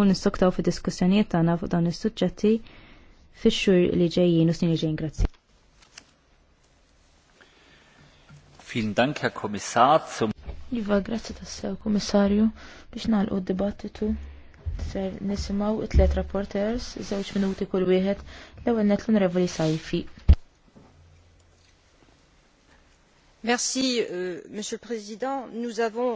u nistoktaw fi diskussjonijiet tagħna fuq dawn is-suġġetti fix-xhur li ġejjin u snin li ġejjin. Grazzi. Vielen Dank, Herr Kommissar. Zum Iva, grazzi tassew, Kommissarju, biex nagħlqu d-dibattitu. Ser nisimaw it-tlet rapporters, żewġ minuti kull wieħed, l-ewwel netlu nrevoli Sajfi. Merci, euh, Monsieur le Président. Nous avons